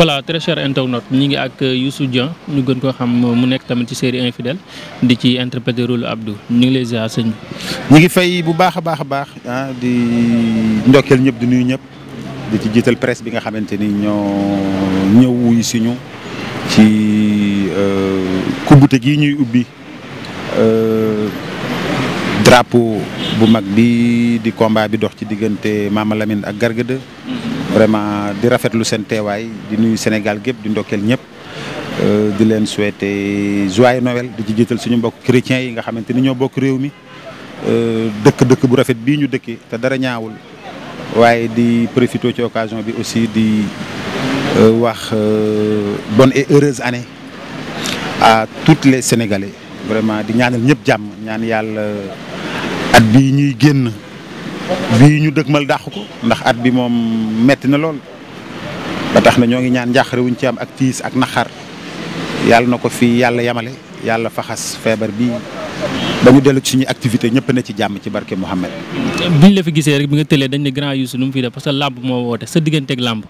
voilà très cher internaute ñi ngi ak euh, Youssou Dieng ñu gën koo xam mu nekk tamit ci série infidèle di ci interpréter rôle Abdou ñu ngi lay ziar sëñ bi. ngi fay bu baax a baax a baax ah di ndokkeel ñëpp di nuyu ñëpp di ci jiital presse bi nga xamante ni ñoo ñëw wuyu si ñu ci euh, kubbute gi ñuy ubbi euh, drapeau bu mag bi di combat bi dox ci diggante Mama Lamine ak Garga vraiment di rafetlu seen teewaay di nuy Sénégal gépp di ndokkeel ñëpp euh, di leen souhaiter joyeux nowel di ci jiital suñu mbokk chrétiens yi nga xamante ni ñoo bokk réew mi dëkk-dëkk euh, bu rafet bii ñu dëkkee te dara ñaawul waaye di profiter ci occasion bi aussi di euh, wax bonne et heureuse année à toutes les Sénégalais vraiment di ñaanal ñëpp jàmm ñaan yàlla at bi ñuy génn bii ñu dëgmal dàq ko ndax at bi moom metti na lool ba tax na ñoo ngi ñaan njàqare wuñ ci am ak tiis ak naxar yàlla na ko fi yàlla yamale yàlla faxas feebar bi ba dellu ci suñuy activité ñëpp na ci jàmm ci barke Mouhamed. biñ la fi gisee rek bi nga tëlee dañ ne grand Youssou lu mu fi def parce que làmb moo woote sa digganteeg làmb.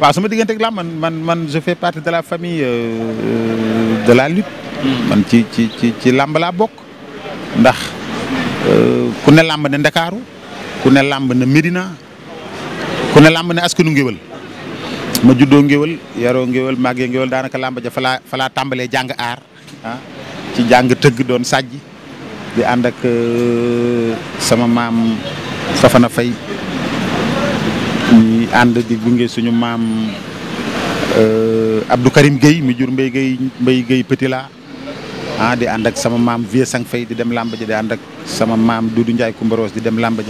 waaw sama digganteeg làmb man man man je fais partie de la famille euh, de la lutte. Hmm. man ci ci ci ci làmb laa bokk. ndax euh, ku ne làmb ne Ndakaaru. ku ne làmb na Médina ku ne làmb na askanu ngéwél ma juddoo ngéwél yaroo ngéwél màggee ngéwél daanaka làmb falaa fa tàmbalee jàng aar ah, ci jàng tëgg doon sàjj di ànd euh, sama maam Safana Faye ñi ànd di gunge suñu maam euh, Abdou Karim Guèye mi jur Mbaye Guèye Mbaye Guèye ah, di ànd ak sama maam Vieux Sang Faye di dem làmb di ànd ak sama maam Doudou Ndiaye Coumba di dem làmb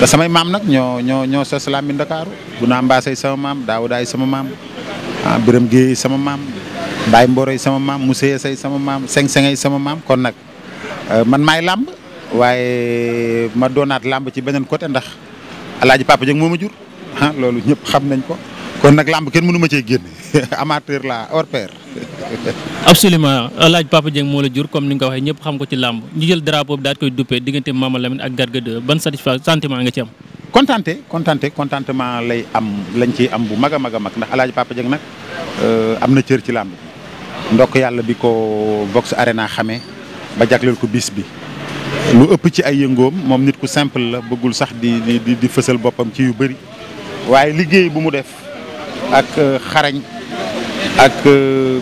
te samay maam nag ñoo ñoo ñoo sos làmbi Ndakaaru bu naa mbaasay sama maam daawudaay sama maam ah biram géey sama maam mbaay mboroy sama maam musée say sama maam seng-sengay sama maam kon nag euh, man maay làmb waaye ma doonaat làmb ci beneen côté ndax laaj papa jëng moo ma jur ah, loolu ñëpp xam nañ ko kon nag lamb kenn mënu ma cee génn amateur la hors absolument laaj Papa Dieng moo la jur comme ni nga ko waxee ñëpp xam ko ci làmb ñu jël drapeau bi daal koy duppee diggante Mama Lamine ak Garga 2 ban satisfaction sentiment nga ci am. contenté contenté contentement lay am lañ ci am bu mag a mag a mag ndax El Hadj Papa Dieng nag euh, am na cër ci làmb ndokk yàlla bi ko Vox Arena xamee ba jagleel ko bis bi. lu ëpp ci ay yëngoom moom nit ku simple la bëggul sax di di di fësal boppam ci yu bëri waaye liggéey bu mu def ak euh,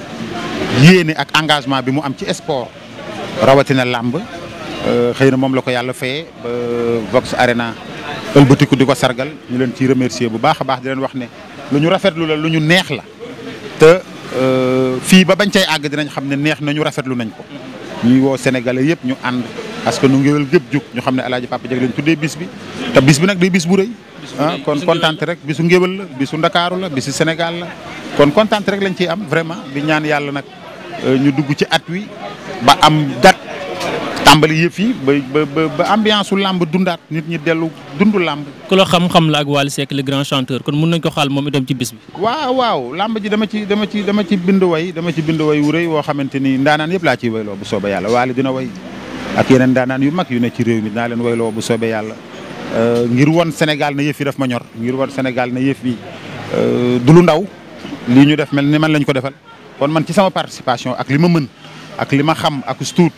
yéene ak engagement bi mu am ci sport rawatina làmb euh, xëy na moom la ko yàlla fayee ba Vox Arena ëlbatiku di ko sargal ñu leen ciy remercier bu baax a baax di leen wax ne lu ñu rafetlu la lu ñu neex la te euh, fii ba bañ cay àgg dinañ xam ne neex nañu rafetlu nañ ko ñuy woo sénégalais yëpp ñu ànd parce que nu ngéwél gépp jug ñu xam ne alaaji papa jeg lañ tuddee bis bi te bis bi nag day bis bu rëy ah, kon kontaante rek bisu ngéwél la bisu ndakaaru la bisu sénégal la kon kontaante rek lañ ciy am vraiment di ñaan yàlla nag euh, ñu dugg ci at wi ba am date tàmbali yëpp yi ba ba ba ambiance làmb dundaat nit ñi dellu dundu làmb ku la xam-xam la ak Wally Seck le grand chanteur kon mun nañ ko xaal moom itam ci bis bi waaw waaw làmb ji dama ci dama ci dama ci bind way dama ci bind wu rëy woo xamante ni ndaanaan yëpp laa ciy wayloo bu soobee yàlla Wally dina way ak yeneen daanaan yu mag yu ne ci réew mi dinaa leen woyloo bu soobee yàlla euh, ngir won Sénégal na yëf yi daf ma ñor ngir won Sénégal na yëf yi euh, du lu ndaw lii ñu def mel ni man lañ ko defal kon man ci sama participation ak li ma mën ak li ma xam ak stuut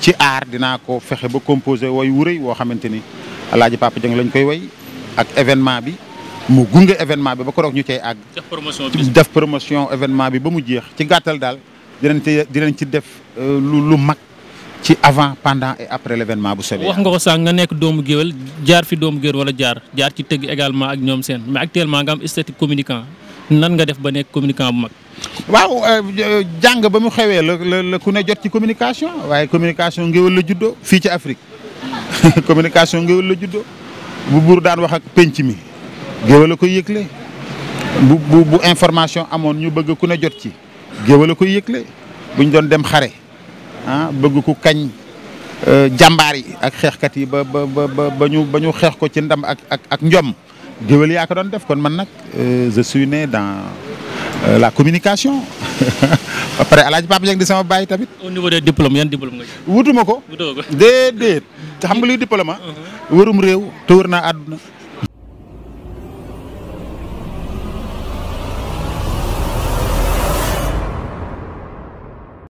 ci aar dinaa ko fexe ba composé woy wu rëy woo xamante ni Alaaji Papa Dieng lañ koy woy ak événement bi mu gunge événement bi ba ko roog ñu cay àgg. def promotion événement bi ba mu jeex ci gàttal daal dina ci def euh, lu lu mag. ci avant pendant et après l'événement bu soobee. wax nga ko sànq nga nekk doomu géwél jaar fi doomu géwél wala jaar jaar ci tëgg également ak ñoom seen mais actuellement nga am esthétique communicant nan nga def ba nekk communicant bu mag. waaw euh, jàng ba mu xewee la la ku ne jot ci communication waaye communication ngéwél la juddoo fii ci Afrique communication ngéwél la juddoo bu buur daan wax ak penc mi géwél a koy yëgle bu bu information amoon ñu bëgg a ku ne jot ci géwél a koy yëgle bu ñu doon dem xare. ah bëgg ku kañ euh, jàmbaar yi ak xeexkat yi ba ba ba ba ñu xeex ko ci ndam ak ak ak njom géwél yaa doon def kon man nag euh, je suis ne dans euh, la communication après Alaaji Papa Dieng di sama baay tamit. au niveau des diplômes yan diplôme wutuma ko. wutuma ko déedéet. xam nga diplôme ah? uh-huh. warum réew te wër naa